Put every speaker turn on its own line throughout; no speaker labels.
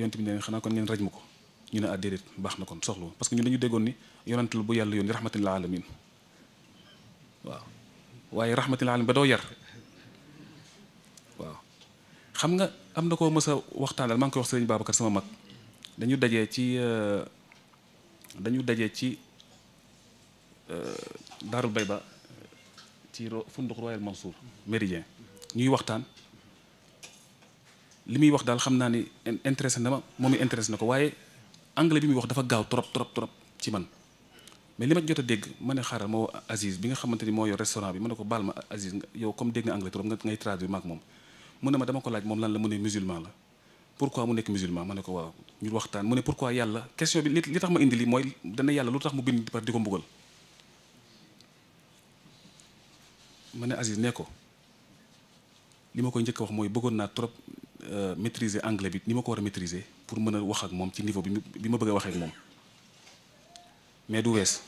yonent bi ne xanaa kon ngeen raj ma ko ñu ne ah déedéet baax na kon soxlu parce que ñun dañu déggoon ni yonent la bu yàlla yónni rahmatil alamin waaw waaye rahmatil alamin ba doo yar xam nga am na koo mësa waxtaan waxtaanal maa ngi koy wax sëriñ Babacar sama mag dañu dajee ci euh, dañu dajee ci euh, Daarul Bayba ci Funduq Royal Mansour Méridien ñuy waxtaan li muy wax daal xam naa ni intéressé na ma moom it na ko waaye anglais bi muy wax dafa gaaw trop trop trop ci man mais li ma jot a dégg ma ne xaaral moo Aziz bi nga xamante ni mooy yor restaurant bi ma ne ko baal ma Aziz yow comme dégg nga anglais trop nga ngay traduire maak moom laaj moom lan la mu ne musulman la pourquoi mu nekk musulman ma mu ne pourquoi yàlla question bi li li tax ma indi mooy dana yàlla lu tax mu bind par di ko ne Aziz ne ko li ma koy njëkk wax mooy bëggoon naa trop Euh, maîtriser anglais bi ni ma ko war a maîtriser pour mën a wax ak moom ci niveau bi bi ma bëgg a waxee ak moom mais du wees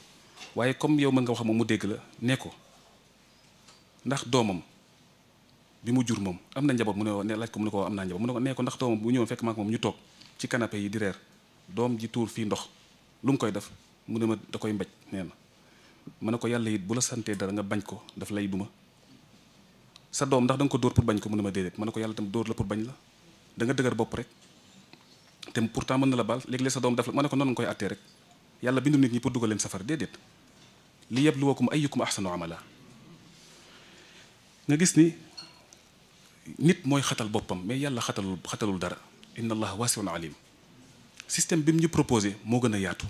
waaye comme yow mën nga wax moom mu dégg la ne ko ndax doomam bi mu jur moom am na njaboot mu ne laaj ko ko am naa njaboot mu ne ko nee ndax doomam bu ñëwoon fekk maak moom ñu toog ci canapé yi di reer doom ji tuur fii ndox lu mu koy def mu ne ma da koy mbaj nee na ma ne ko yàlla it bu la santee dara nga bañ ko daf lay duma sa doom ndax da nga ko dóor pour bañ ko mu ko yàlla tam dóor la pour bañ la danga nga dëgër bopp rek te pourtant mën na la baal léeg-léeg sa doom daf la ma ne ko noonu nga koy attee rek yàlla bindu nit ñi pour dugal leen safar déedéet li yabluwakum ayyukum ahsanu amala nga gis ni nit mooy xatal boppam mais yàlla xatalul xatalul dara inna allah wasiun alim système bi mu ñu proposé moo gën a yaatu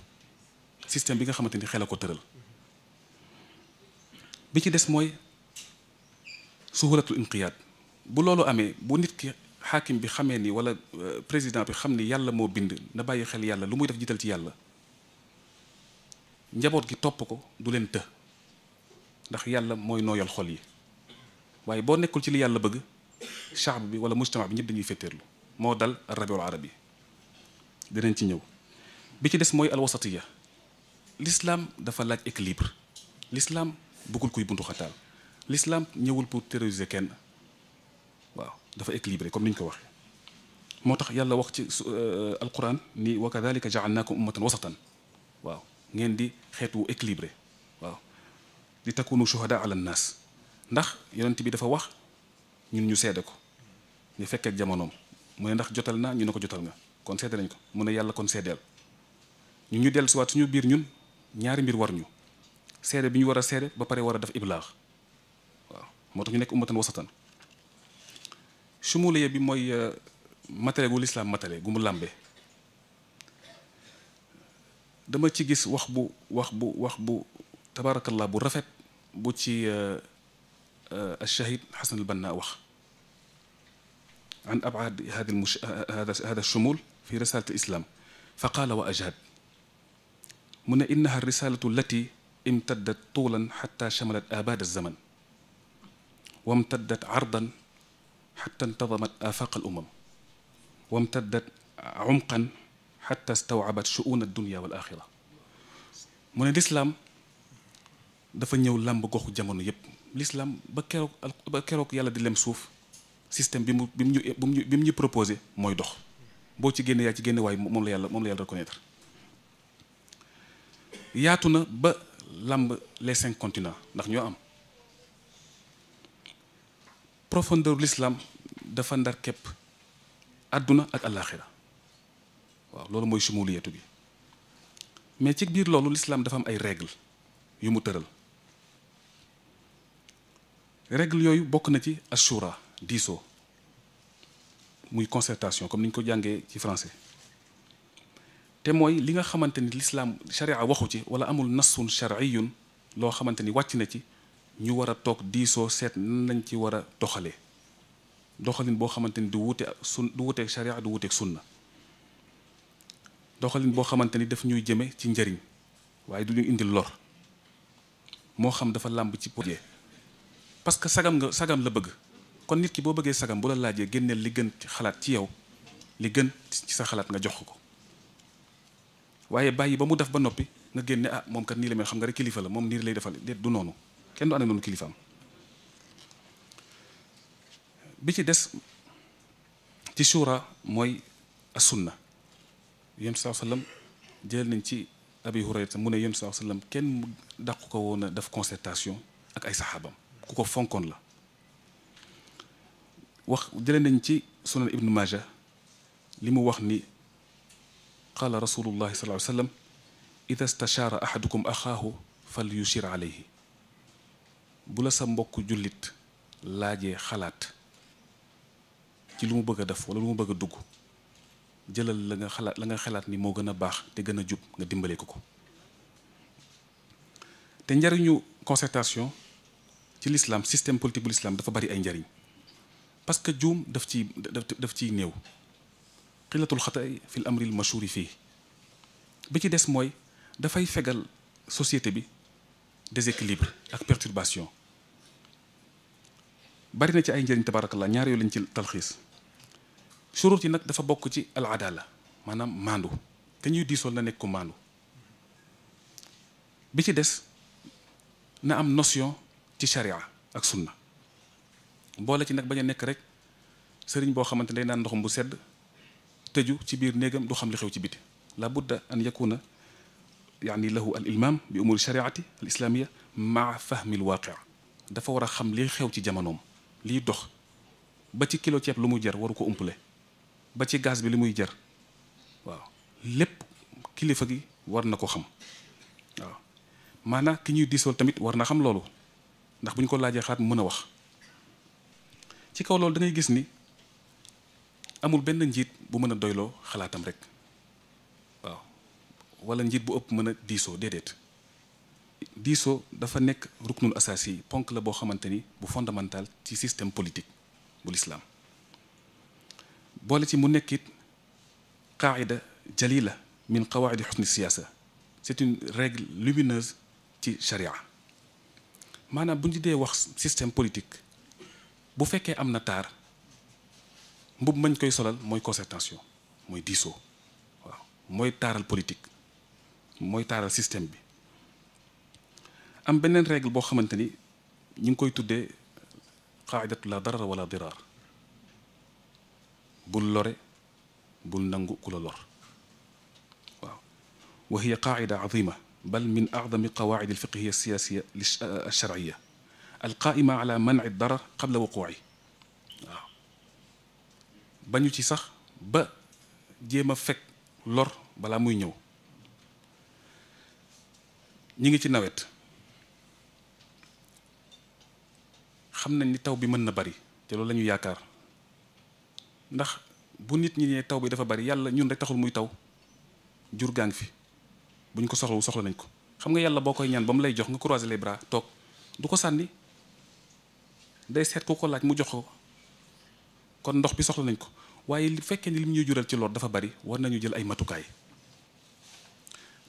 système bi nga xamante ni xel a ko tëral bi ci des mooy suhulatul inqiyaad bu loolu amee bu nit ki xaakim bi xamee ni wala euh, président bi xam ni yàlla moo bind na bàyyi xel yàlla lu muy def jiital ci yàlla njaboot gi topp ko du leen të ndax yàlla mooy nooyal xol yi waaye boo nekkul ci li yàlla bëgg shaab bi wala mujtama bi ñëpp dañuy fetteerlu moo dal rabiul arabi dinañ ci ñëw bi ci des mooy alwasatiya l'islam dafa laaj équilibre l'islam bëggul kuy buntu xataal l'islam ñëwul pour terroriser kenn dafa équilibré comme ni ñu ko waxee moo tax yàlla wax ci euh, alquran ni wa ko jaalnaakum ummatan wasatan waaw ngeen di xeetu équilibré waaw li takunu shuhada ala naas ndax yonent bi dafa wax ñun ñu seede ko ñu fekkeek jamonoom mu ne ndax jotal naa ñu ne ko jotal nga kon seede nañ ko mu ne yàlla kon seddaal ñu ñu dellu siwaat suñu biir ñun ñaari mbir war ñu seede bi ñu war a seede ba pare war a def iblaax waaw moo tax ñu nekk ummatan wasatan sumuliya bi mooy matale gu lislaam matale gu mu làmbe dama ci gis wax bu wax bu wax bu tabaarakallah bu rafet bu ci الشهيد حسن البناء وخ عن أبعاد هذا المش... هذا هذا الشمول في رسالة الإسلام فقال وأجاد من إنها الرسالة التي امتدت طولا حتى شملت آباد الزمن وامتدت عرضا xatta intadamat afaq al umam wa amtaddat umqan xatta stawaabat shuun addunia wal axira mu ne lislaam dafa ñëw làmb goxu jamono yépp lislaam ba keroog ba keroog yàlla di lem suuf système bi mu bi mu ñu bi proposé mooy dox boo ci génne yaa ci génne waaye moom la yàlla moom la yàlla reconnaître yaatu na ba làmb les cinq continents ndax ñoo am profondeur l'islam dafa ndar képp àdduna ak àllaaxira waaw loolu mooy sumuliyatu bi mais ci biir loolu l'islam dafa am ay règle yu mu tëral règle yooyu bokk na ci assura diisoo muy concertation comme ni ñu ko jàngee ci français te mooy li nga xamante ni l'islam sharia waxu ci wala amul nassun shar'iyun loo xamante ni wàcc na ci ñu war a toog diisoo seet nan lañ ci war a doxalee doxalin boo xamante ni du wute sun du wuteeg sharia du wuteeg na doxalin boo xamante ni daf ñuy jëme ci njariñ waaye du ñu indil lor moo xam dafa làmb ci projet parce que sagam nga sagam la bëgg kon nit ki boo bëggee sagam bu la laajee génneel li gën xalaat ci yow li gën ci sa xalaat nga jox ko waaye bàyyi ba mu def ba noppi nga génne ah moom kat nii la mel xam nga rek kilifa la moom nii lay defal déet noonu kenn du ànd ak noonu kilifaam bi ci des ci suura mooy as-sunna yéen saa sallam jël nañ ci abi hurayra mu ne yéen saa sallam kenn daq ko woon a def concertation ak ay saxaabam ku ko fonkoon la wax jële nañ ci sunan ibnu maaja li mu wax ni qaala rasulullahi sallallahu alayhi wa sallam ida stachaara ahadukum axaahu fal yushir bu la sa mbokk jullit laajee xalaat ci lu mu bëgg a def wala lu mu bëgg a dugg jëlal la nga xalaat la nga xalaat ni moo gën a baax te gën a jub nga dimbale ko ko te njariñu concertation ci l'islam système politique bu l'islam dafa bari ay njariñ parce que juum daf ci daf ciy néew xilatul xatay fil amril mashhuri fii bi ci des mooy dafay fegal société bi déséquilibre ak perturbation bari na ci ay njëriñ la ñaar yoo lañ ci talxiis suruut yi nag dafa bokk ci al adala maanaam maandu te ñuy diisool na nekk ko maandu bi ci des na am notion ci sharia ak sunna boole ci nag bañ a nekk rek sëriñ boo xamante ne day naan ndoxum bu sedd tëju ci biir néegam du xam li xew ci biti la budda an yakuna yaani lahu al ilmaam bi umuri shariati al islaamia ma fahmi al waaqia dafa war a xam li xew ci jamonoom liy dox ba ci kilo ceeb lu mu jar waru ko umpale ba ci gaz bi li muy jar waaw lépp kilifa gi war na ko xam waaw maanaam ki ñuy diisool tamit war na xam loolu ndax bu ñu ko laajee xaat mën a wax ci kaw loolu da gis ni amul benn njiit bu mën a doyloo xalaatam rek wala njiit bu ëpp mën a diisoo déedéet diisoo dafa nekk ruknul asaasi yi ponk la boo xamante ni bu fondamental ci système politique bu lislaam boole ci mu nekkit it qaayida jalila min qawaidi xusni siyaasa c'est une règle lumineuse ci sharia maanaam bu ñu dee wax système politique bu fekkee am na taar mbub mañ koy solal mooy concertation mooy diisoo waaw mooy taaral politique mooy taaral système bi am beneen règle boo xamante ni ñu ngi koy tuddee qaaidatu la darar wala diraar bul lore bul nangu ku lor waaw wa hiya qaaida azima bal min acdami qawaacid alfiqhiya alsiyaasiya alsharciya alqaaima ala manci darar qabla wuquuci waaw bañu ci sax ba jéem a fekk lor balaa muy ñëw ñi ngi ci nawet xam nañ ni taw bi mën na bari te loolu lañuy yaakaar ndax bu nit ñi ne taw bi dafa bari yàlla ñun rek taxul muy taw jur gaa ngi fi buñ ko soxlawu soxla nañ ko xam nga yàlla boo koy ñaan ba mu lay jox nga croiser les bras toog du ko sànni day seet ku ko laaj mu jox ko kon ndox bi soxla nañ ko waaye li fekkee ni lim ñuy jural ci lool dafa bari war nañu jël ay matukaay.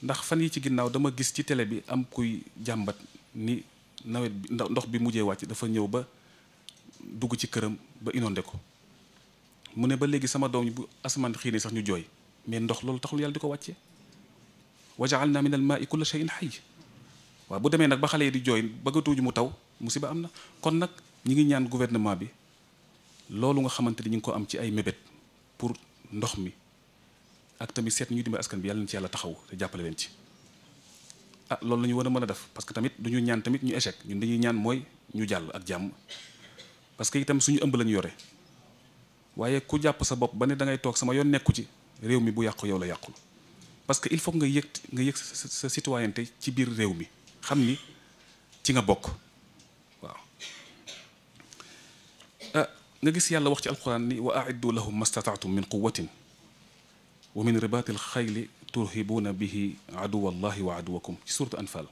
ndax fan yi ci ginnaaw dama gis ci télé bi am kuy jàmbat ni nawet bi ndox bi mujjee wàcc dafa ñëw ba dugg ci këram ba inondé ko mu ne ba léegi sama doom bu asamaan xiinee sax ñu jooy mais ndox loolu taxul yàlla di ko wàccee wa ja'alna min al-maa'i kulla shay'in hayy waaw bu demee nag ba xale yi di jooy bëggatu ñu mu taw musiba am na kon nag ñi ngi ñaan gouvernement bi loolu nga xamante ni ñu ngi ko am ci ay mébét pour ndox mi ak tamit seet ñu dimbali askan bi yàlla na ci yàlla taxaw te jàppale leen ci ah loolu lañu ñu war a mën a def parce que tamit duñu ñu ñaan tamit ñu échec ñun dañuy ñaan mooy ñu jàll ak jàmm parce que itam suñu ëmb lañu yore waaye ku jàpp sa bopp ba ne da ngay toog sama yoon nekku ci réew mi bu yàqu yow la yàqul parce que il faut nga yëg nga yëg sa sa citoyenneté ci biir réew mi xam ni ci nga bokk waaw ah, nga gis yàlla wax ci alquran ni wa aiddu lahum mastataatum min quwatin wa min ribaatil xayli turhibuuna bihi aduwa allahi wa aduwakum ci suurtu anfal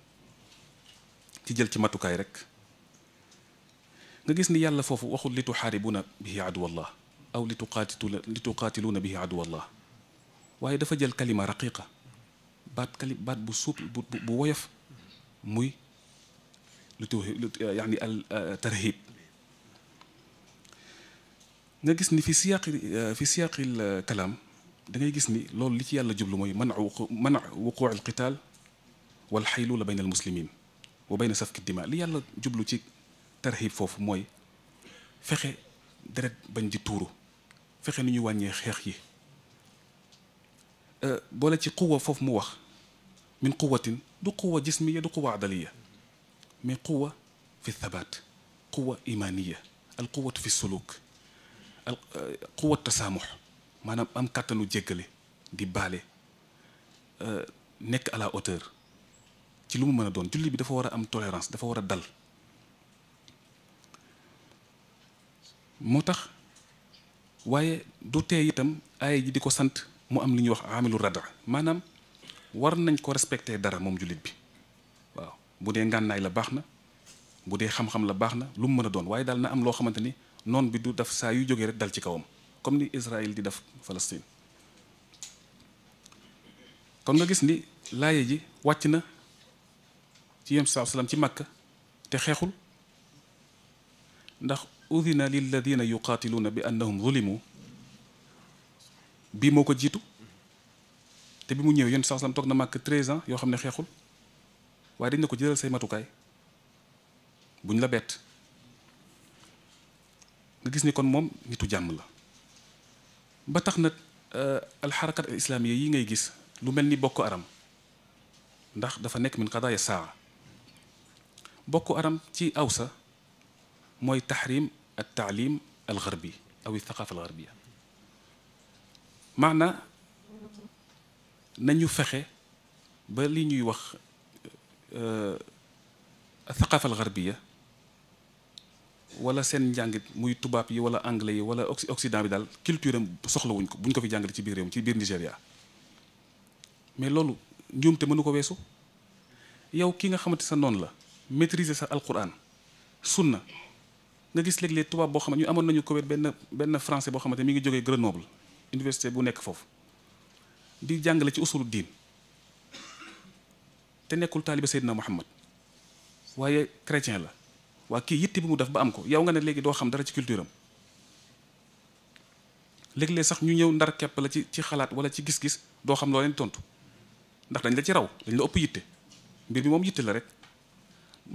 ci jël ci matukaay rek nga gis ni yàlla foofu waxul li tuxaaribuuna bihi aduwa allah aw li tuqaatilu li tuqaatiluuna bihi aduwa allah waaye dafa jël kalima raqiqa baat kali baat bu suuple bu bu woyof muy lu tu yaani al euh, tarhib nga gis ni fi siyaaqi euh, fi siyaaqil kalaam dangay gis ni loolu li ci yàlla jublu mooy man man wuquu al qitaal wal xaylu la bayna al muslimin wa bayna safki dima li yàlla jublu ci tarhib foofu mooy fexe deret bañ di tuuru fexe ni ñuy wàññee xeex yi euh, boole ci quwa foofu mu wax min quwatin du quwa jismiya du quwa adaliya mais quwa fi thabaat quwa imaniya al quwatu fi suluk euh, quwa tasaamux maanaam am kàttanu jéggale di baale euh, nekk à la hauteur ci lu mu mën a doon julli bi dafa war a am tolerance dafa war a dal moo tax waaye du tee itam aaya ji di ko sant mu am li ñuy wax amilu rada maanaam war nañ ko respecter dara moom jullit bi waaw bu dee ngànnaay la baax na bu dee xam-xam la baax na lu mu mën a doon waaye daal na am loo xamante ni noon bi du daf saa yu jógee rek dal ci kawam comme ni Israël di def Palestine kon nga gis ni laaye ji wàcc na ci yem saa salaam ci Makka te xeexul ndax li udina lilladina yuqaatiluuna bi annahum zulimu bii moo ko jiitu te bi mu ñëwee yenn saa salaam toog na màkk 13 ans yoo xam ne xeexul waaye dañ na ko jëlal say matukaay buñ la bett nga gis ni kon moom nitu jàmm la ba tax na euh, alxarakat al yi ngay gis lu mel ni bokk aram ndax dafa nekk min qadaaya saa Boko Haram ci awsa mooy taxrim al taalim al garbi aw thaqaafa al garbiya maanaa nañu fexe ba li ñuy wax euh, thaqaafa al garbiya wala seen njàngit muy tubaab yi wala anglais yi wala occident bi daal culture am soxlawuñ ko buñ ko fi jàngale ci biir réew mi ci biir Nigéria mais loolu njuumte mënu ko weesu yow kii nga xamante sa noonu la maîtriser sa alquran sunna nga gis léeg-léeg tubaab boo xam ne ñu amoon nañu kowet benn benn français boo xamante mi ngi jógee Grenoble université bu nekk foofu di jàngale ci usulu diin te nekkul taaliba na Muhammad waaye chrétien la waa kii yitte bi mu def ba am ko yow nga ne léegi doo xam dara ci culture am léeg sax ñu ñëw ndar kepp la ci ci xalaat walla ci gis-gis doo xam loo leen tontu ndax dañ la ci raw dañ la ëpp yitte mbir mi moom yitte la rek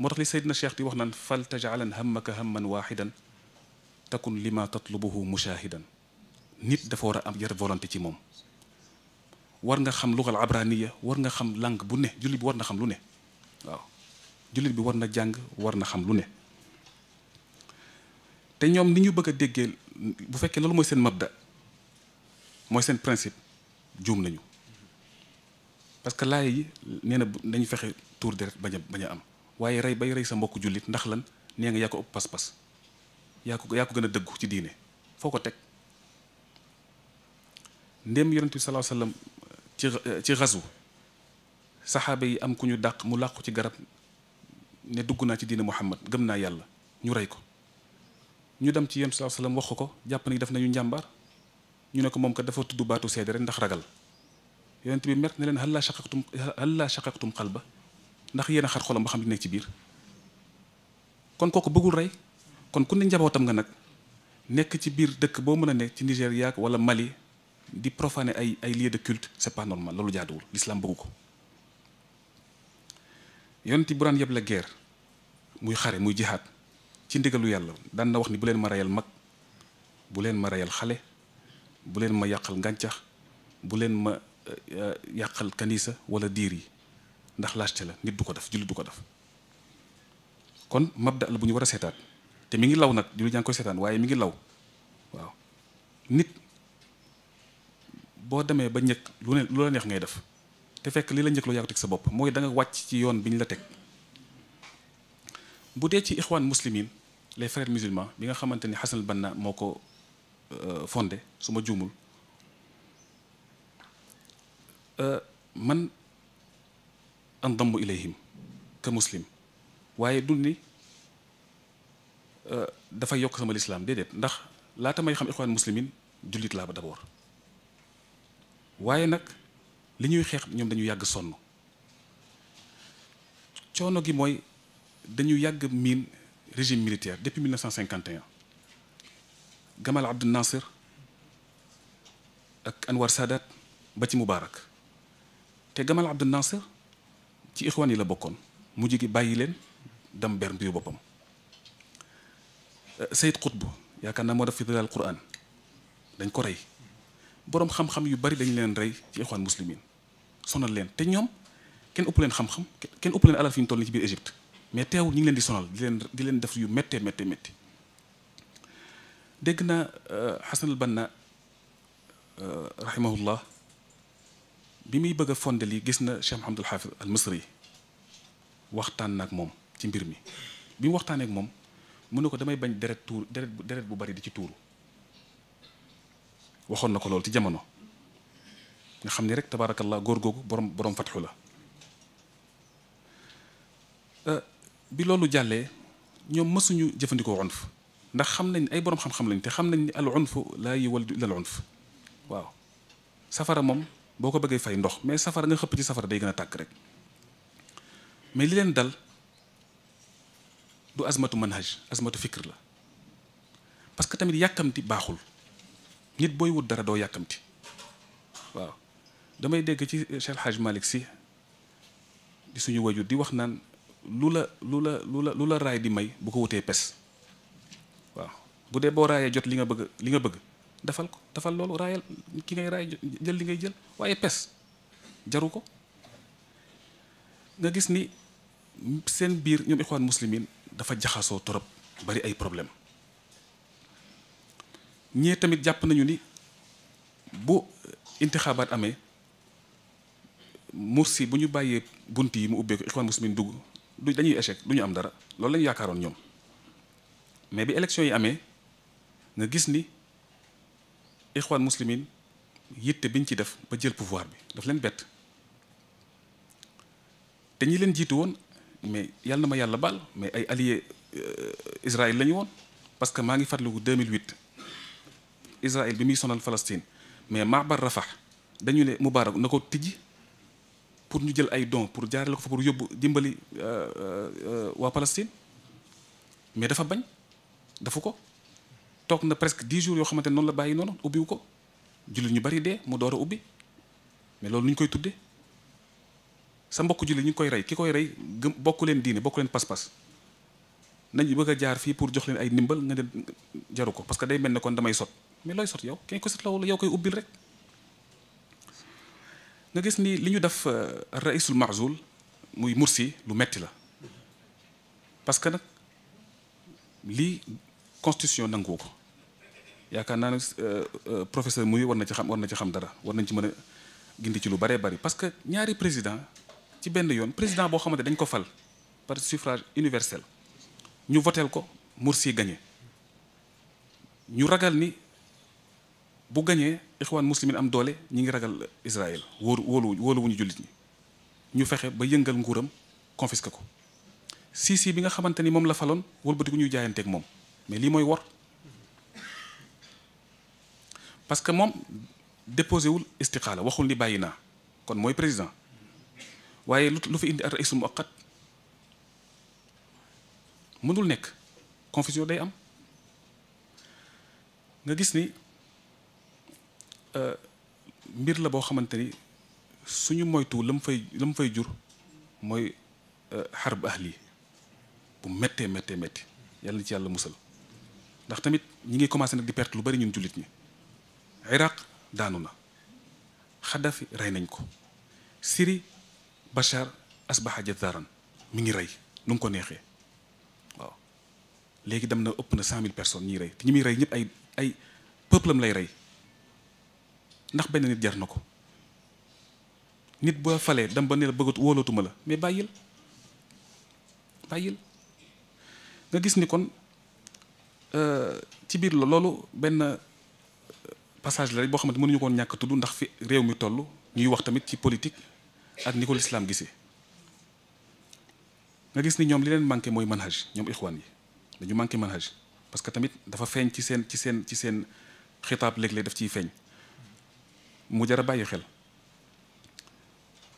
moo tax li na Cheikh di wax naan fal tajaalan hammaka hamman waaxidan takun lima tatlubuhu mushaahidan nit dafa war a am yar volonté ci moom war nga xam lugal abraniya war nga xam langue bu ne jullit bi war na xam lu ne waaw bi war na jàng war na xam lu ne te ñoom ni ñu bëgg a déggee bu fekkee loolu mooy seen mabda mooy seen principe juum nañu parce que laay yi nee na dañu fexe tuur deret bañ a bañ a am waaye rey bay rey sa mbokk jullit ndax lan nee nga yaa ko ëpp pas-pas yaa ko yaa gën a dëggu ci diine foo ko teg ndém yonent bi salaaw sallam ci ci rasu saxaaba yi am ku ñu dàq mu làqu ci garab ne dugg naa ci diine Muhammad gëm naa yàlla ñu rey ko ñu dem ci yéen saa salaam wax ko jàpp ni def nañu njàmbaar ñu ne ko moom kat dafa tudd baatu seede rek ndax ragal yonent bi mer ne leen hal laa shaqaqtum hal laa shaqaqtum qalba ndax yéen a xar xolam ba xam ne nekk ci biir kon kooku bëggul rey kon ku ne njabootam nga nag nekk ci biir dëkk boo mën a ne ci Nigéria wala Mali di profaner ay ay lieux de culte c'est pas loolu jaaduwul l'islam bëggu ko yonent bi yeb la guerre muy xare muy jihaad ci yàlla daan na wax ni bu leen ma reyal mag bu leen ma reyal xale bu leen ma yàqal ngàncax bu leen ma eh, eh, yàqal kanisa wala diir yi ndax lâcheté la nit du ko def jullit du ko def kon da la bu ñu war a seetaat te mi ngi law nag jullit yaa ngi koy seetaan waaye mi ngi law waaw nit boo demee ba ñëkk lu ne lu la neex ngay def te fekk li la njëkk loo yaa sa bopp mooy da wàcc ci yoon bi ñu la teg bu dee ci ixwaan muslimin les frères musulmans bi nga xamante ni Hassan al-Banna moo ko euh, fonde su ma juumul euh, man andamu ilayhim ka muslim waaye dul ni euh, dafay yokk sama lislaam déedéet ndax laata may xam ixwaan muslimin jullit laa ba waaye nag li ñuy xeex ñoom dañu yàgg sonn coono gi mooy dañu yàgg miin régime militaire depuis 1951 Gamal Abdel Nasser ak Anwar Sadat ba ci Moubarak te Gamal Abdel Nasser ci ixwaan yi la bokkoon mujj gi bàyyi leen dem ber mbiru boppam euh, Sayid Qutb yaakaar naa moo def fi dalal Quraan dañ ko rey boroom xam-xam yu bari dañ leen rey ci ixwaan muslimin sonal leen te ñoom kenn ëpp leen xam-xam kenn ëpp leen alal fi ñu toll ci biir Égypte mais teewul ñu ngi leen di sonal di leen di leen def yu méttee méttee métti dégg na Xasan euh, al Banna euh, rahimahullah bi muy bëgg a fondé lii gis na Cheikh Mahamadul Xaafis al Misri waxtaan nag moom ci mbir mi bi mu waxtaanee moom mu ne ko damay bañ deret tuur deret bu deret bu bari di ci tuuru waxoon na ko loolu ci jamono nga xam ne rek tabaarakallah góor googu borom borom fatxu la. Euh, bi loolu jàllee ñoom mësuñu jëfandikoo unf ndax xam nañ ay borom xam-xam lañ te xam nañ ni al unf laa yuwallidu illa al unf waaw safara moom boo ko bëggee fay ndox mais safara nga xëpp ci safara day gën a tàkk rek mais li leen dal du asmatu manhaj azmatu fikr la parce que tamit yàkkamti baaxul nit booy wut dara doo yàkkamti waaw damay dégg ci Cheikh Hadj Malick Sy di suñu wajur di wax naan lu la lu la lu la lu la raay di may bu ko wutee pes waaw bu dee boo raayee jot li nga bëgg li nga bëgg defal ko defal loolu raayal ki ngay raay jël li ngay jël waaye pes jaru ko nga gis ni seen biir ñoom ixwaan muslimin dafa jaxasoo torop bari ay problème ñee tamit jàpp nañu ni bu intixaabaat amee mursi bu ñu bàyyee bunt yi mu ubbeeku ixwaan muslimin dugg du dañuy échec du ñu am dara loolu la ñu yaakaaroon ñoom mais bi élection yi amee nga gis ni ixwaan muslimin yitte biñ ci def ba jël pouvoir bi daf leen bett te ñi leen jiitu woon mais yàlla na ma yàlla baal mais ay alliés euh, Israël la ñu woon parce que maa ngi fàttaliku 2008 Israël bi muy sonal Palestine mais Maabar rafax dañu ne Moubarak na ko tijji pour ñu jël ay dons pour jaarale ko fa pour yóbbu dimbali euh, euh, euh, waa Palestine mais dafa bañ dafa ko toog na presque dix jour yoo xamante ne noonu la bàyyi noonu ubbiwu ko jullit ñu bari de mu door a ubbi mais loolu ñu koy tuddee sa mbokk jullit ñu koy rey ki koy rey gëm bokk leen diine bokk leen pas-pas nañ bëgg a jaar fii pour jox leen ay ndimbal nga de jaru ko parce que day mel ne kon damay sot mais looy sot yow kenn ko sot la wala koy ubbil rek. nga gis ni li ñu def euh, raisul marzul muy Mursi lu metti la parce que nag lii constitution nangu ko yaakaar naa ne euh, euh, professeur muy war na ci xam war na ci xam dara war nañ ci mën a gindi ci lu bëree bari parce que ñaari président ci benn yoon président boo xamante dañ ko fal par suffrage universel ñu voteel ko Mursi gagné ñu ragal ni bu gañee ixwaan muslimin am doole ñi ngi ragal wóor wóolu wóolu wóoluwuñu jullit ñi ñu fexe ba yëngal nguuram confisqué ko Sisi bi nga xamante ni moom la faloon wëlbatiku ñuy jaayanteeg moom mais lii mooy wor parce que moom déposé wul istiqaala waxul ni bàyyi naa kon mooy président waaye lu fa indi ar raisul muaqat mënul nekk confusion day am nga gis ni Euh, mbir la boo xamante ni suñu moytu la mu fay la mu fay jur mooy xarb euh, ahli bu mettee méttee métti yàlla na ci yàlla musal ndax tamit ñi ngi commencé nag di perte lu bari ñun jullit ñi iraq daanu na xaddafi rey nañ ko siri bachar asbaha jazaaran mu ngi rey nu mu ko neexee waaw léegi dam na ëpp na cent mille personnes ñiy rey te ñi muy rey ñëpp ay ay peuple am lay rey ndax benn nit jar na ko nit boo falee dem ba ne la bëggatu wóolatuma la mais bàyyil bàyyil nga gis ni kon euh, ci biir la loolu benn euh, passage la rek boo xamante mënuñu koon ñàkk tudd ndax fi réew mi toll ñuy wax tamit ci politique ak ni ko lislaam gisee nga gis ni ñoom li leen manqué mooy manage ñoom ixwaan yi dañu manqué manage parce que tamit dafa feeñ ci seen ci seen ci seen xitaab léeg-léeg daf ciy feeñ mu jar a bàyyi xel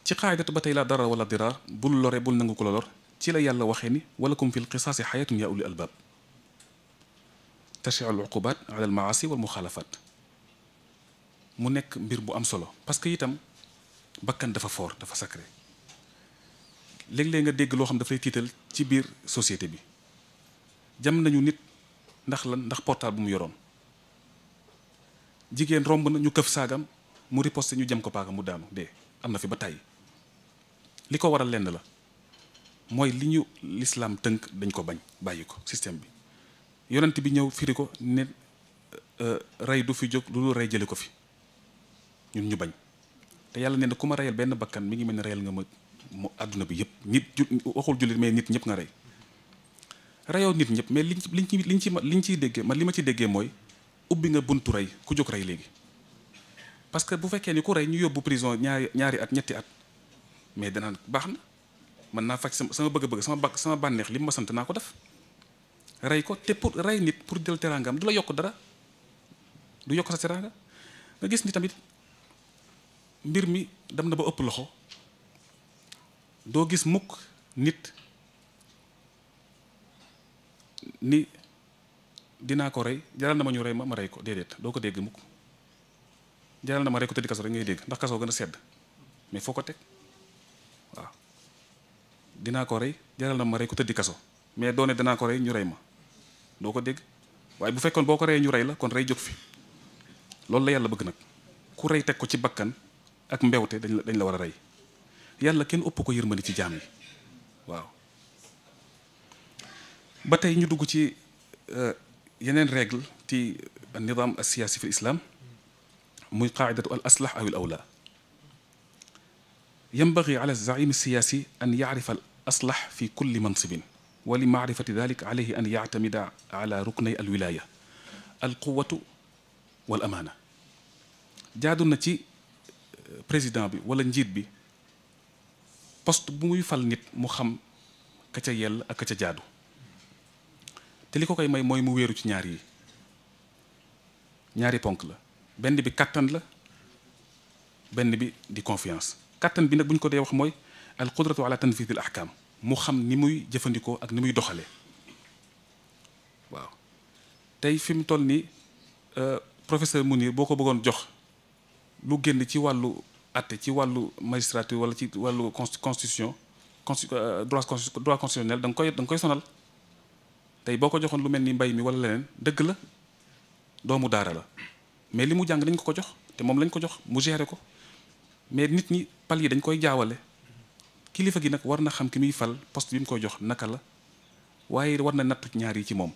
ci xaayidatu ba tey laa dara wala dira bul lore bul nangu ko la lor ci la yàlla waxee ni walakum fi lqisaasi xayatun yaa uli albaab tashiu aluqubat ala almaasi wal muxaalafat mu nekk mbir bu am solo parce que itam bakkan dafa fort dafa sacré léeg-léeg nga dégg loo xam dafay tiital ci biir société bi jam nañu nit ndax lan ndax portable bu mu yoroon jigéen romb na ñu këf saagam mu riposte ñu jëm ko paaka mu daanu dee am na fi ba tàyyi li ko waral lenn la mooy li ñu lislaam tënk dañ ko bañ bàyyi ko système bi yonent bi ñëw firi ko ne euh, euh, rey du fi jóg lu dul rey jële ko fi ñun ñu bañ te yàlla nee na ku ma reyal benn bakkan mi ngi mel ne reyal nga ma mu àdduna bi yëpp nit waxul jullit mais nit ñëpp nga rey reyoo nit ñëpp mais liñ liñ ci liñ ci liñ ciy déggee man li ma ci déggee mooy ubbi nga buntu rey ku jóg rey léegi parce que bu fekkee ni ku rey ñu yóbbu prison ñaari ñaari at ñetti at mais danaan baax na mën naa faj sama sama bëgg-bëgg sama bàkk sama bànneex li ma sant naa ko def rey ko te pour rey nit pour jël teraangam du la yokk dara du yokk sa teraanga nga gis ni tamit mbir mi dem na ba ëpp loxo doo gis mukk nit ni dinaa ko rey jaral na ma ñu rey ma ma rey ko déedéet doo ko dégg mukk jaral na ma rek ko tëdd kaso rek ngay dégg ndax kaso gën a sedd mais foo ko teg waaw dinaa ko rey jaral na ma rek ko tëdd kaso mais doone dinaa ko rey ñu rey ma doo ko dégg waaye bu fekkoon boo ko reyee ñu rey la kon rey jóg fi loolu la yàlla bëgg nag ku rey teg ko ci bakkan ak mbewte dañ la dañ la war a rey yàlla kenn ëpp ko yërmande ci jaam yi waaw ba tey ñu dugg ci euh, yeneen règle ti euh, nizaam as-siyaasi fi islam muy qaidatu al aslah aw al awla yanbagi ala zaim siyaasi an yacrifa al aslah fi kulli mansibin wa li macrifati dalik alayhi an yactamida ala ruknay al wilaya al quwatu wal amaana jaadu na ci euh, président bi wala njiit bi poste bu muy fal nit mu xam ka ca yell ak ka ca jaadu te li ko koy may mooy mu wéeru ci ñaar yi ñaari ponk la benn bi kattan la benn bi di confiance kattan bi nag buñ ko dee wax mooy al qudratu ala tanfidil ahkam mu xam ni muy jëfandikoo ak ni muy doxalee waaw tey fi mu toll nii euh, professeur Mounir boo ko bëggoon jox lu génn ci wàllu àtte ci wàllu magistrature wala ci wàllu constitution euh, droit droit constitutionnel da nga koy da nga koy sonal tey boo ko joxoon lu mel ni mbay mi wala leneen dëgg la doomu daara la mais li mu jàng dañ ko ko jox te moom lañ ko jox mu géré ko mais nit ñi pal yi dañ koy jaawale kilifa gi nag war na xam ki muy fal poste bi mu koy jox naka la waaye war na nattu ñaar yi ci moom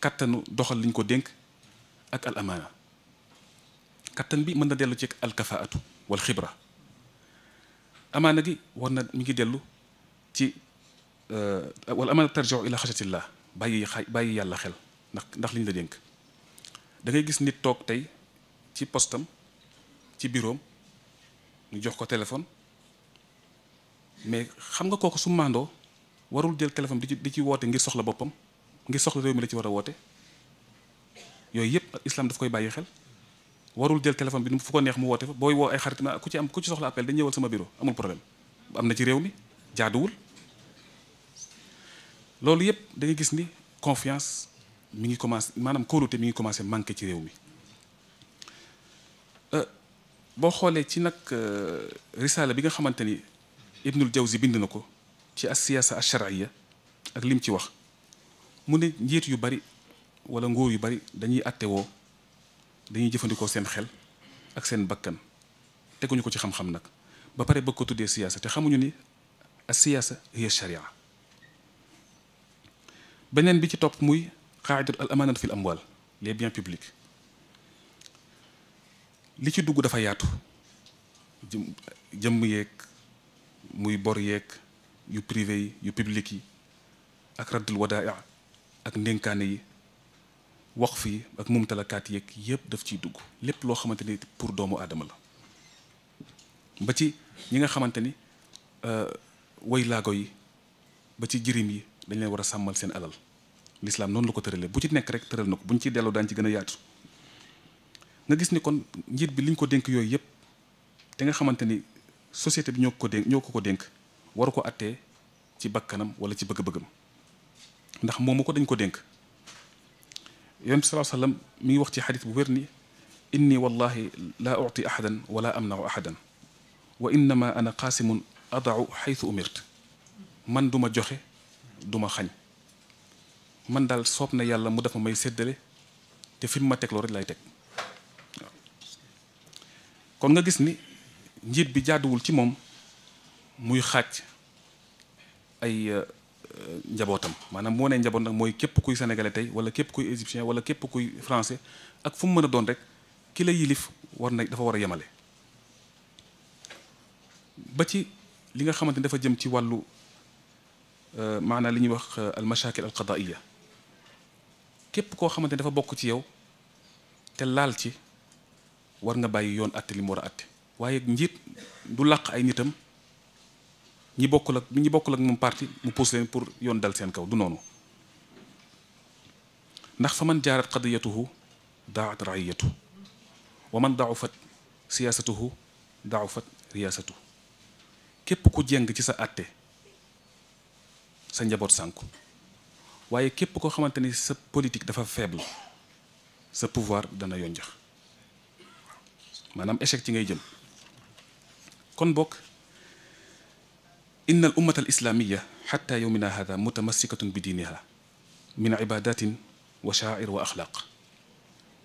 kattanu doxal liñ ko dénk ak al amaana kattan bi mën na dellu ci al kafaatu wal xibra amaana gi war na mu ngi dellu ci euh, wal amaana tarjiu ila xashatillah bàyyi xa bàyyi yàlla xel ndax ndax liñ la dénk dangay gis nit toog tey ci postam ci biroom ñu jox ko téléphone mais xam nga kooku su mandoo warul jël téléphone di di ci woote ngir soxla boppam ngir soxla réew mi la ci war a woote yooyu yëpp islam daf koy bàyyi xel warul jël téléphone bi fu ko neex mu woote fa booy woo ay xarit ma ku ci am ku ci soxla appel dañ ñëwal sama bureau amul problème am na ci réew mi jaaduwul loolu yëpp da gis ni confiance mi ngi commencé maanaam kóolute mu ngi commencé manqué ci réew mi euh, boo xoolee ci nag euh, risaala bi nga xamante ni Ibnul Jawzi bind na ko ci as-siyaasa ash-shar'iyya ak lim ci wax mu ne njiit yu bari wala nguur yu bari dañuy àttewoo dañuy jëfandikoo seen xel ak seen bakkan teguñu ko ci xam-xam nag ba pare bëgg ko tuddee siyaasa te xamuñu ni as-siyaasa hiya sharia beneen bi ci topp muy qaidatu al amaanatu fil amwal les biens publics li ci dugg dafa yaatu jëm jëmm yeeg muy bor yeeg yu privé yi yu public yi ak raddul wadaa ak ndénkaane yi waqf fii ak mumtalakaat yeeg yëpp daf ciy dugg lépp loo xamante ni pour doomu aadama la ba ci ñi nga xamante ni euh, way laago yi ba ci jirim yi dañ leen war a sàmmal seen alal l'islam noonu la ko tëralee bu ci nekk rek tëral na ko bu ñu ci delloo daan ci gën a yaatu nga gis ni kon njiit bi li ko dénk yooyu yëpp te nga xamante ni société bi ñoo ko dénk ñoo ko ko dénk waru ko attee ci bakkanam wala ci bëgg-bëggam ndax moom ko dañ ko dénk yonent bi sallallahu alayhi wasallam mi ngi wax ci xadis bu wér ni inni wallahi laa uti ahadan am na ahadan wa innama ana qaasimun adaau xaytu umirt man duma joxe duma xañ man daal soob na yàlla mu dafa may séddale te fi ma teg loolu rek lay teg kon nga gis ni njiit bi jaaduwul ci moom muy xàcc ay euh, njabootam maanaam moo ne njaboot nag mooy képp kuy sénégalais tey wala képp kuy égyptien wala képp kuy france ak fu mu mën a doon rek ki la yilif war na dafa war a yemale ba ci li nga xamante ni dafa jëm ci wàllu euh, maanaa li ñuy wax euh, al mashakil képp koo xamante ne dafa bokk ci yow te laal ci war nga bàyyi yoon àtte li war a àtte waaye njiit du làq ay nitam ñi bokkul ak ñi bokkul ak moom parti mu pousse pour yoon dal seen kaw du noonu ndax fa man jaarat qadiyatuhu daat raiyatu wa man daufat siyaasatuhu daufat riyaasatu képp ku jeng ci sa àtte sa njaboot sànku waaye képp koo xamante ni sa politique dafa faible sa pouvoir dana yonjax maanaam échec ci ngay jëm kon bokk inna al ummata al islaamia xatta yowmina hada mutamassikatun bi diiniha min ibadatin wa shaair wa axlaaq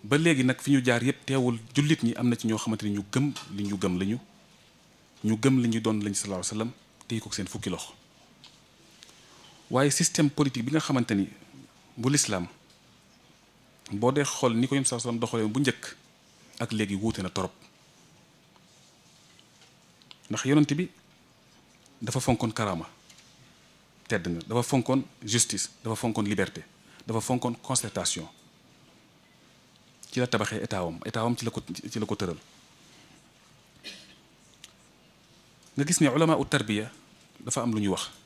ba léegi nag fi ñu jaar yépp teewul jullit ñi am na ci ñoo xamante ni ñu gëm li ñu gëm lañu ñu gëm li ñu doon lañu sallallahu alayhi wa sallam ko seen fukki loxo waaye système politique bi nga xamante ni bu lislaam boo dee xool ni ko yom saa salaam bu njëkk ak léegi wuute na torop ndax yonent bi dafa fonkoon karaama tedd nga dafa fonkoon justice dafa fonkoon liberté dafa fonkoon concertation ci la tabaxee état wam état wam ci la ko la ko tëral nga gis ne ulama u tarbiya dafa am lu ñu wax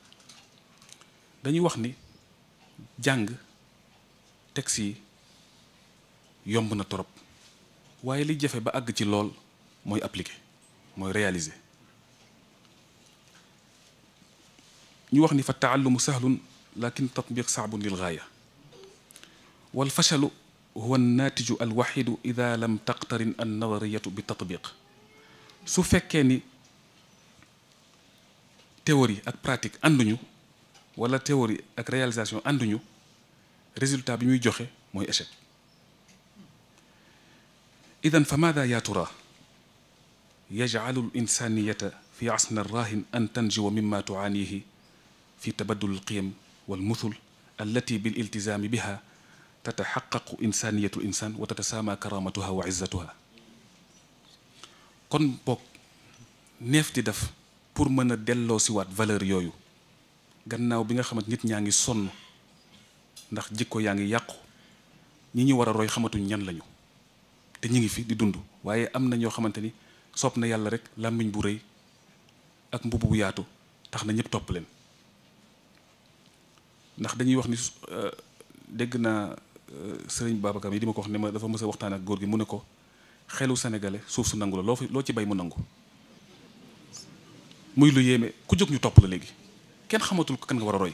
dañuy wax ni jàng texte yi yomb na torop waaye li jafe ba àgg ci lool mooy appliquer mooy réaliser ñu wax ni fa taallumu sahlun lakin tatbiq saabun lil gaaya wal fashalu huwa nnaatiju alwaxidu ida lam taqtarin an nadariyatu bi tatbiq su fekkee ni théorie ak pratique ànduñu wala théorie ak bi muy joxe mooy échec idan fa maada yaa tura yajcalu linsaniyata fi asna rahin an tanjiwa mima tuaaniihi fi tabaddul alqiyam walmuthul allati bililtizaami biha tataxaqaqu insaniyatu insan wa def pour mën a delloo siwaat yooyu gannaaw bi nga xamante nit ñaa ngi sonn ndax jikko yaa ngi yàqu ñi ñu war a roy xamatuñ ñan lañu te ñu ngi fi di dund waaye am na ñoo xamante ni sopp na yàlla rek làmmiñ bu rëy ak mbubb bu yaatu tax na ñëpp topp leen ndax dañuy wax ni euh, dégg naa euh, sëriñ Babacar yi di ma ko xam ne ma dafa mës a waxtaan ak góor gi mu ne ko xelu sénégalais suuf su nangu la loo loo ci bay mu nangu muy lu yéeme ku jóg ñu topp la léegi. kenn xamatul ko kan nga war a roy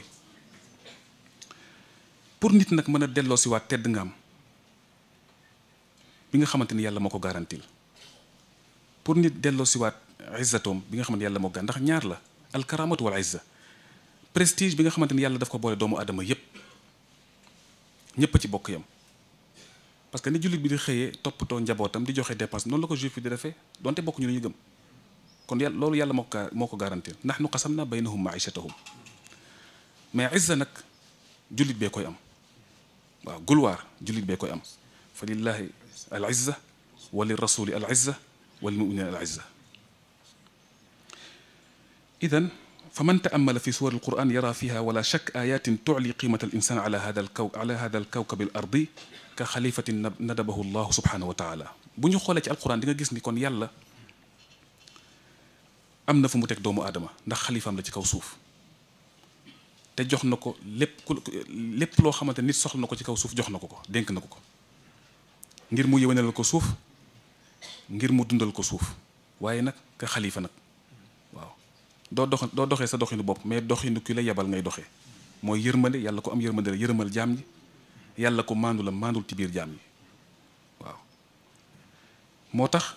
pour nit nag mën a delloo siwaat waat tedd nga am bi nga xamante ni yàlla moo ko garantil pour nit delloo siwaat waat izzatoom bi nga xamante ni yàlla moo ko ndax ñaar la alkaramatu wal izza prestige bi nga xamante ni yàlla daf ko boole doomu aadama yépp ñépp a ci bokk yam parce que ni jullit bi di xëyee toppatoo njabootam di joxe dépense noonu la ko juif bi di defee donte bokk ñu li ñu gëm kon yàlla loolu yàlla moo ko moo ko garantir ndax nu xasam na baynahum maichatahum mais izza nag jullit koy am waaw gulwaar jullit bee koy am fa lillahi al izza wa li rasuli al izza wa lil muminina al izza idan fa man taamala fi suwar alquran yara fiha wala shak ayatin tucli qiimata alinsan ala hada alkaw ala hada alkawkab bu ñu xoolee ci alquran di nga gis ni kon yàlla am na fu mu teg doomu aadama ndax xalifaam la ci kaw suuf te jox na ko lépp ku lépp loo xamante nit soxla na ko ci kaw suuf jox na ko ko dénk na ko ko ngir mu yëwénal ko suuf ngir mu dundal ko suuf waaye nag ka xalifa nag waaw doo dox doo doxee sa doxinu bopp mais doxinu ki la yebal ngay doxe mooy yërmande yàlla ko am yërmande la yërmal jaam ñi yàlla ko maandu la maandul ci biir jaam ñi waaw moo tax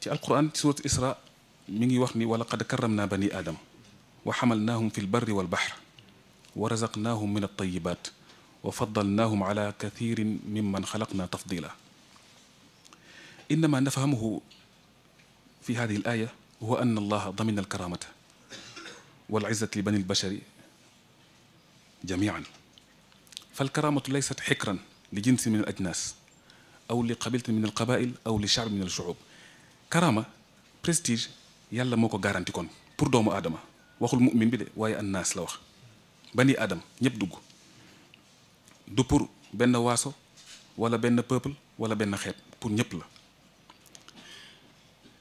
ci alquran ci surat isra mi ngi wax ni wala qad karam naa bani aadam wa xamalnaahum fi lbarri walbaxr wa razaqnaahum min altayibaat wa faddalnaahum ala kathirin mimman xalaqna tafdila innama nafhamuhu fi hadihi al aya huwa an allaha damina alkaramata walizat li bani albashari jamian falkaramatu laysat xikran li jinsi min al ajnaas aw li qabilatin min alqabail aw li shaab min alshuub karama prestige yàlla moo ko garanti kon pour doomu aadama waxul mu'min bi de waaye annaas la wax bani aadam ñëpp dugg du pour benn waaso wala benn peuple wala benn xeet pour ñëpp la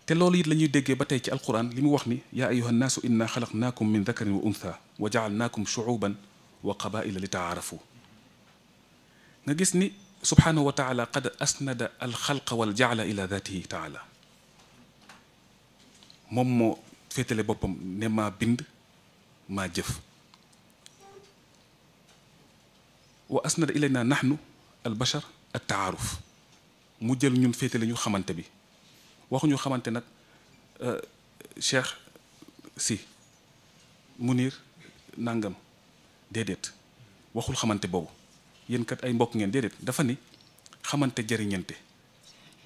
te loolu it la ñuy déggee ba tey ci alquran li mu wax ni ya ayuha nnaasu inna xalaqnaakum min dakarin wa untha wa jaalnaakum shuuban wa qabaila li taarafu nga gis ni subhanahu wa taala qad asnada alxalqa wal jaala ila datihi taala moom moo féetale boppam ne maa bind maa jëf wa asnada ilayna nahnu al bashar at taaruf mu jël ñun féetale ñu xamante bi waxuñu xamante nag euh, cheikh si munir nangam déedéet waxul xamante boobu yéen kat ay mbokk ngeen déedéet dafa ni xamante jëriñante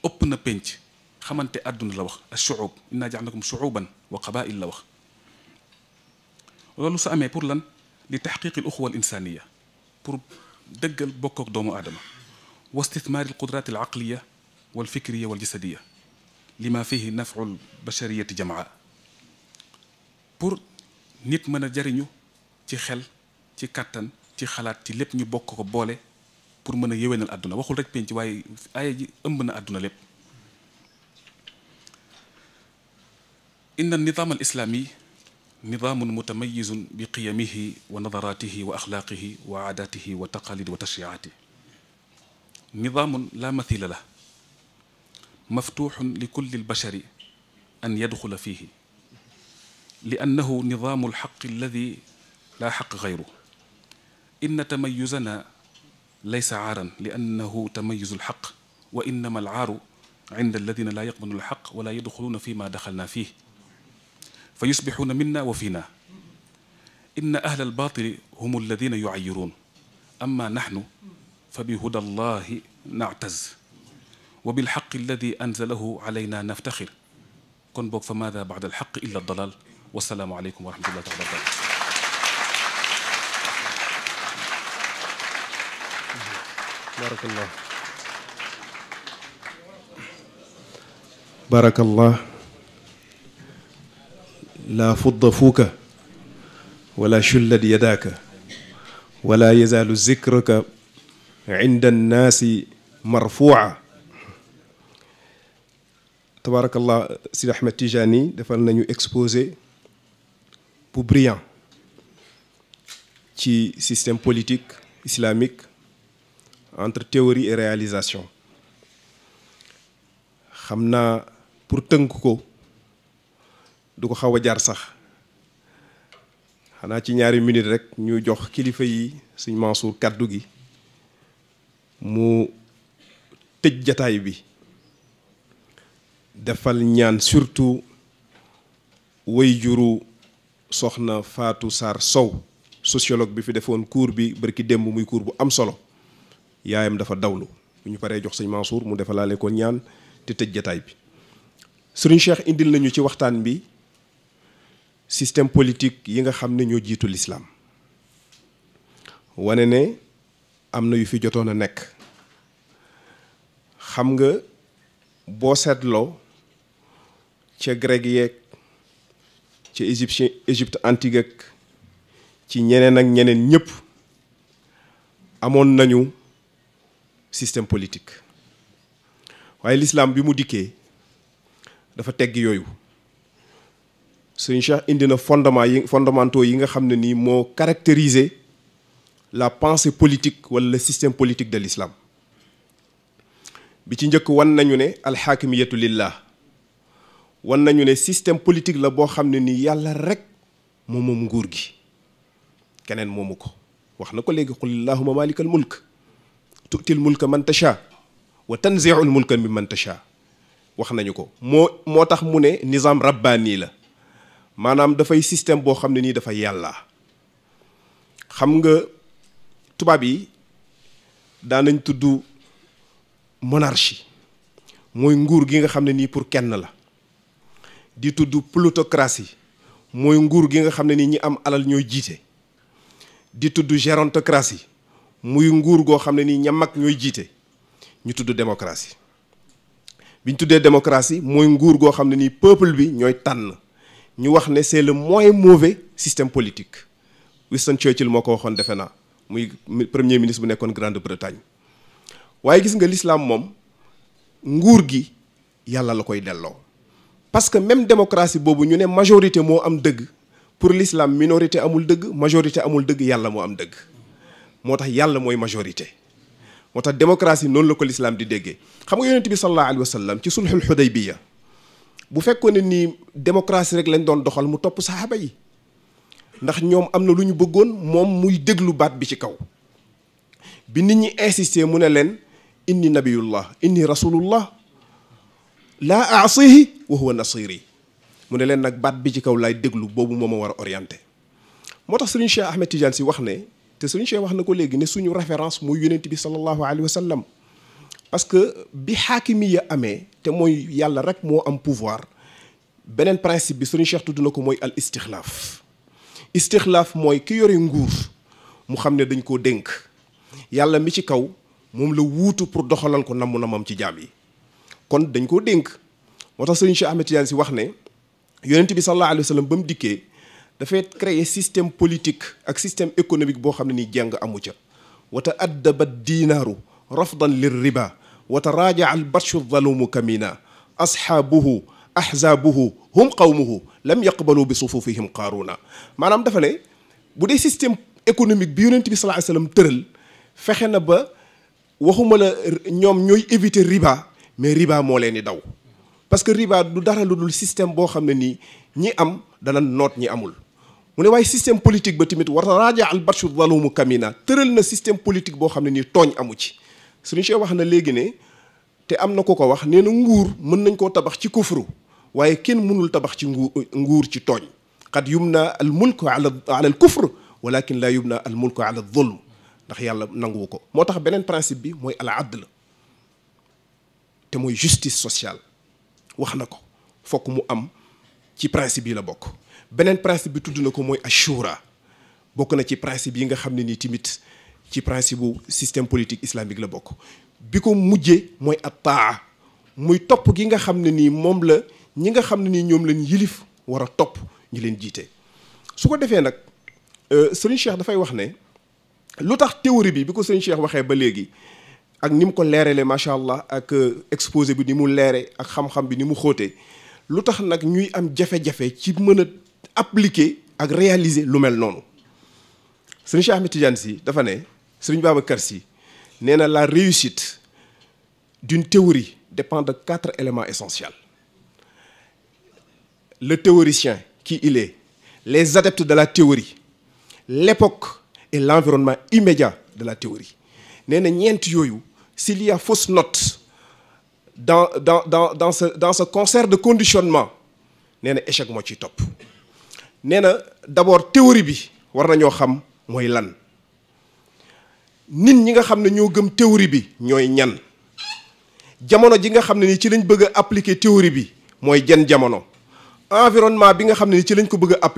ëpp na pénc xamante àdduna la wax ashuub inna jaxlakum shuuban wa qabail la wax loolu su amee pour lan li taxqiqi al uxwa al insaniya pour dëggal bokk ak doomu aadama wa istithmaari al qudrati al aqliya wal fikriya wal jasadiya lima fihi nafcu al bashariyati jamaa pour nit mën a jariñu ci xel ci kàttan ci xalaat ci lépp ñu bokk ko boole pour mën a yéwénal àdduna waxul rek penc waaye aaya ji ëmb na àdduna lépp inna nidaam al islaami nidaamun mutamayizun bi qiyamihi wa nadaraatihi wa axlaaqihi wa aadaatihi wa taqaalidi wa tashriaati nidaamun laa mathila la maftuuxun li kulli lbashari an yadxula fiihi li annahu nidaamu lxaqi alladi laa xaq gayru inna tamayuzana laysa caaran li annahu tamayuzu lxaq wa innama alcaaru cinda alladina laa yaqbanu lxaq wala yadxuluuna fi ma daxalna fiih fa yusbixuuna minna wa fiina inna ahla albaatili hum alladina yucayiruun amma naxnu fa bihuda allahi nactaz wa bilxaqi alladi anzalahu alayna naftaxir kon boog fa maada bacda alxaq illa dalal wasalaamu aleykum wa rahmatullahi taala wa
barakatu barakallah barakallah la fudda fuuka wala shullat yadaaka wala yazaalu zikruka inda annaasi marfuuca tabaarakallah Sidi Ahmed Tijani defal nañu exposé bu brillant ci système politique islamique entre théorie et réalisation xam naa pour tënk ko du ko xaw a jaar sax xanaa ci ñaari minute rek ñu jox kilifa yi suñ Mansour kàddu gi mu tëj jataay bi defal ñaan surtout way juru soxna faatu Sarr Sow sociologue bi fi defoon cours bi bërki démb muy cours bu am solo yaayam dafa dawlu bu ñu paree jox sëñ Mansour mu defalaale ko ñaan te tëj jataay bi sëriñ Cheikh indil nañu ci waxtaan bi système politique yi nga xam ne ñoo jiitu l'islam wane ne am na yu fi jotoon a nekk xam nga boo seetloo ca grec yeeg ca égyptien égypte antique ak ci ñeneen ak ñeneen ñëpp amoon nañu système politique waaye l'islam bi mu dikkee dafa teg yooyu suñ Cheikh indi na fondement yi fondamentaux yi nga xam ne nii moo caractériser la pensée politique wala le système politique de l'islam bi ci njëkk wan nañu ne alxaakimiyatu lillah wan nañu ne système politique la boo xam ne nii yàlla rek moo moom nguur gi keneen moomu ko wax na ko léegi qul illahuma malikal mulk tu'til mulka man tasha wa tanzi'ul mulka mimman tasha wax nañu ko moo moo tax mu ne nizam rabbaani la maanaam dafay système boo xam ne nii dafa yàlla xam nga tubaab yi daanañ tudd monarchie mooy nguur gi nga xam ne nii pour kenn la di tudd plutocratie mooy nguur gi nga xam ne nii ñi am alal ñooy jiite di tudd gérontocratie muy nguur goo xam ne nii ña mag ñooy jiite ñu tudd démocratie bi ñu tuddee démocratie mooy nguur goo xam ne nii peuple bi ñooy tànn ñu wax ne c'est le moins mauvais système politique Winston Churchill moo ko waxoon defe na muy premier ministre bu nekkoon Grande-Bretagne waaye gis nga lislaam moom nguur gi yàlla la koy delloo parce que même démocratie boobu ñu ne majorité moo am dëgg pour lislaam minorité amul dëgg majorité amul dëgg yàlla moo am dëgg moo tax yàlla mooy majorité moo tax démocratie noonu la ko l'islam di déggee xam nga yonent bi sallallahu alayhi wa sallam ci sulhul hudaybiya bu fekkoon ne nii démocratie rek lañ doon doxal mu topp saxaaba yi ndax ñoom am na lu ñu bëggoon moom muy déglu baat bi ci kaw bi nit ñi insister mu ne leen inni nabiyullah inni rasulullah laa aasihi wa huwa nasiri mu ne leen nag baat bi ci kaw laay déglu boobu moom ma war a orienté moo tax sëriñ Cheikh Ahmed Tidiane si wax ne te sëriñ Cheikh wax na ko léegi ne suñu référence muy yonent bi sallallahu alayhi wa sallam parce que bi xaakimiya amee te mooy yàlla rek moo am pouvoir beneen principe bi sëriñ Cheikh tudd na ko mooy al istixlaaf istixlaaf mooy ki yore nguur mu xam ne dañ koo dénk yàlla mi ci kaw moom la wuutu pour doxalal ko namu namam ci jaam yi kon dañ koo dénk moo tax sëriñ Cheikh Ahmed Tidiane si wax ne yonent bi sallallahu alayhi wa dikkee dafay créer système politique ak système économique boo xam ne ni jàng amu ca wata addabat dinaaru rafdan liir riba wa taraajaca albatshu alzalumu kamina asxaabuhu ahzaabuhu hum qawmuhu lam yaqbalu bi sufufihim qaaruna maanaam dafa bu dee système économique bi yonent bi sallallahu alayhi tëral fexe na ba waxuma la ñoom ñooy éviter riba mais riba moo leen di daw parce que riba du dara lu dul système boo xam ne nii ñi am dana noot ñi amul mu ne waaye système politique ba tamit war a raaja al batshu zalumu kamina tëral na système politique boo xam ne nii tooñ amu ci Sëriñ Cheikh wax na léegi ne te am na ku ko wax nee na nguur mën nañ koo tabax ci kufru waaye kenn mënul tabax ci nguur nguur ci tooñ xad yum na al mulku ala ala al kufr walakin laa yum na al mulku ala al zulm ndax yàlla nanguwu ko moo tax beneen principe bi mooy al adl te mooy justice sociale wax na ko fokk mu am ci principe yi la bokk beneen principe bi tudd na ko mooy ashura bokk na ci principe yi nga xam ne nii tamit ci principe bu système politique islamique la bokk bi ko mujjee mooy attaa muy topp gi nga xam ne nii moom la ñi nga xam ne nii ñoom lañ yilif war a topp ñu leen jiite. su ko defee nag euh, sëriñ Cheikh dafay wax ne lu tax théorie bi bi ko sëriñ Cheikh waxee ba léegi ak ni mu ko leeralee macha allah ak euh, exposé bi ni mu leere ak xam bi ni mu xóotee lu tax nag ñuy am jafe ci mën a appliquer ak réaliser lu mel noonu sëriñ Cheikh Ahmed Tidiane dafa ne. Serigne Babacar Sy nee na la réussite d'une théorie dépend de quatre éléments essentiels le théoricien qui il est les adeptes de la théorie l'époque et l'environnement immédiat de la théorie nee na ñeent yooyu s'il y a fausse note dans dans dans dans ce dans ce concert de conditionnement nee na échec moo ciy topp nee na d'abord théorie bi war nañoo xam mooy lan nit ñi nga xam ne ñoo gëm théorie bi ñooy ñan jamono ji nga xam ne ni ci lañ bëgg a appliquer théorie bi mooy jan jamono environnement bi nga xam ne ni ci lañ ko bëgg a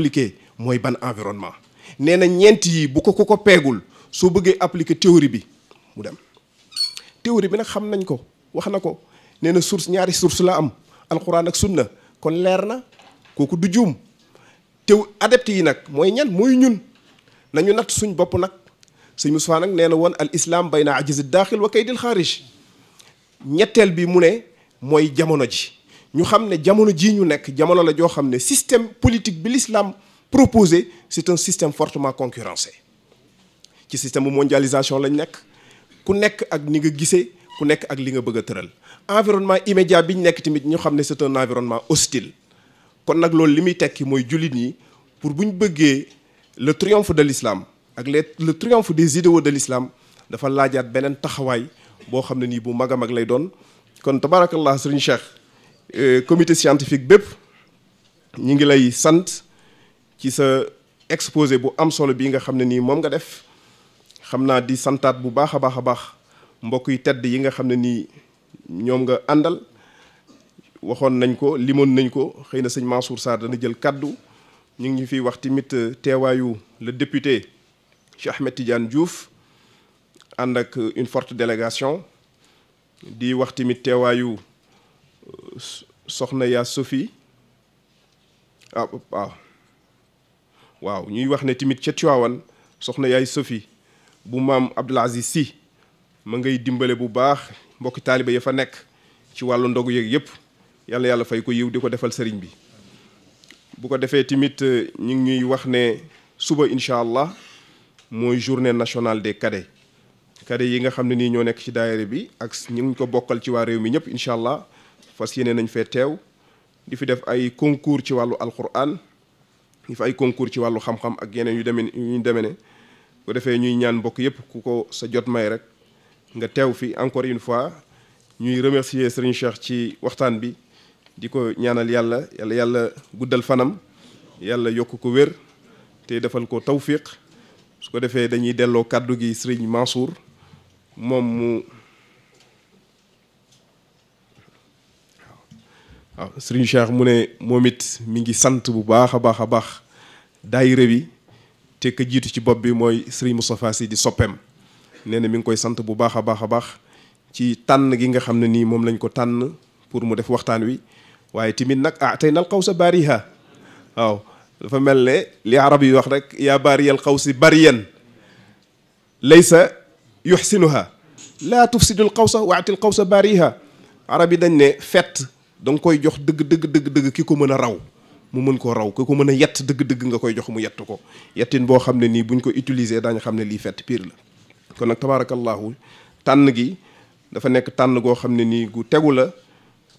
mooy ban environnement nee na ñeent yi bu ko ku ko peegul soo bëggee appliquer théorie bi mu dem théorie bi nag xam nañ ko wax na ko nee na source ñaari source la am alxuraan ak sunna kon leer na kooku du juum te adepte yi nag mooy ñan mooy ñun nañu natt suñ bopp nag sëñ Moussa nag nee na woon al islam bayna ajizi daaxil wa kaydil xaarij ñetteel bi mu ne mooy jamono ji ñu xam ne jamono jii ñu nekk jamono la joo xam ne système politique bi l'islam proposé c'est un système fortement concurrencé ci système bu mondialisation lañ nekk ku nekk ak ni nga gisee ku nekk ak li nga bëgg a tëral environnement immédiat bi ñu nekk tamit ñu xam ne c'est un environnement hostile kon nag loolu limuy muy tekki mooy jullit yi pour bu ñu bëggee le triomphe de l'islam ak les le triomphe des idéaux de lislaam dafa laajaat beneen taxawaay boo xam ne nii bu mag a mag lay doon kon tabarakallah sëriñ Cheikh euh, comité scientifique bépp ñu ngi lay sant ci sa exposé bu am solo bii nga xam ne nii moom nga def xam naa di santaat bu baax a baax a baax mbokk yu tedd yi nga xam ne nii ñoom nga àndal waxoon nañ ko limoon nañ ko xëy na sëñ Mansour Sarr dana jël kàddu ñu ngi fi wax tamit euh, teewaayu le député Cheikh Ahmed Tidiane Diouf ànd ak une forte délégation di wax tamit teewaayu euh, soxna yaa sofi ah waaw ñuy wax ne tamit ca Tiwaawan soxna yaay Sophie bu maam Abdoul si Sy ngay dimbale bu baax mbokki taaliba ya fa nekk ci wàllu ndogu yeeg yëpp yàlla yàlla fay ko yiw di ko defal sëriñ bi bu ko defee tamit euh, ñu ngi ñuy wax ne suba incha allah mooy journée nationale des cadets cadets yi nga xam ne nii ñoo nekk ci daayira bi ak ñu ngi ko bokkal ci waa réew mi ñëpp incha allah fas yéene nañ fee teew di fi def ay concours ci wàllu alquran di fi ay concours ci wàllu xam-xam ak yeneen yu demee yu demee ne bu defee ñuy ñaan mbokk yëpp ku ko sa jot may rek nga teew fi encore une fois ñuy remercier Serigne Cheikh ci waxtaan bi di ko ñaanal yàlla yàlla yàlla guddal fanam yàlla yokk ko wér te defal ko tawfiq su ko defee dañuy delloo kàddu gi sëriñ Mansour moom mu waaw sëriñ Cheikh mu ne moom it mi ngi sant bu baax a baax a baax daayira bi te ka jiitu ci bopp bi mooy sëriñ Moustapha Sy di soppeem nee na mi ngi koy sant bu baax a baax a baax ci tànn gi nga xam ne nii moom lañ ko tànn pour mu def waxtaan wi waaye tamit nag ah tey nal kaw sa baariha waaw dafa mel ne li arab yi wax rek yaa baariyal xawsi bariyan laysa yuxsinuha laa tufsidul xawsa xaw sa baariha arab yi dañ ne fett da koy jox dëgg dëgg dëgg ki ko mën a raw mu mën koo raw ki ko mën a yett dëgg dëgg nga koy jox mu yett ko yettin boo xam ne nii buñ ko utiliser daañu xam ne lii fett piir la kon nag tabaarakallaahu tànn gi dafa nekk tànn goo xam ne nii gu tegu la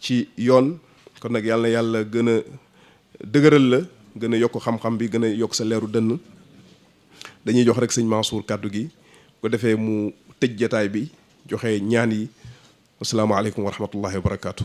ci yoon kon nag yàlla yàlla gën a dëgëral la gën a yokk xam-xam bi gën a yokk sa leeru dënn dañuy jox rek sëñ Mansour kàddu gi ko defee mu tëj jataay bi joxe ñaan yi asalaamaaleykum wa rahmatullahi wa barakaatu.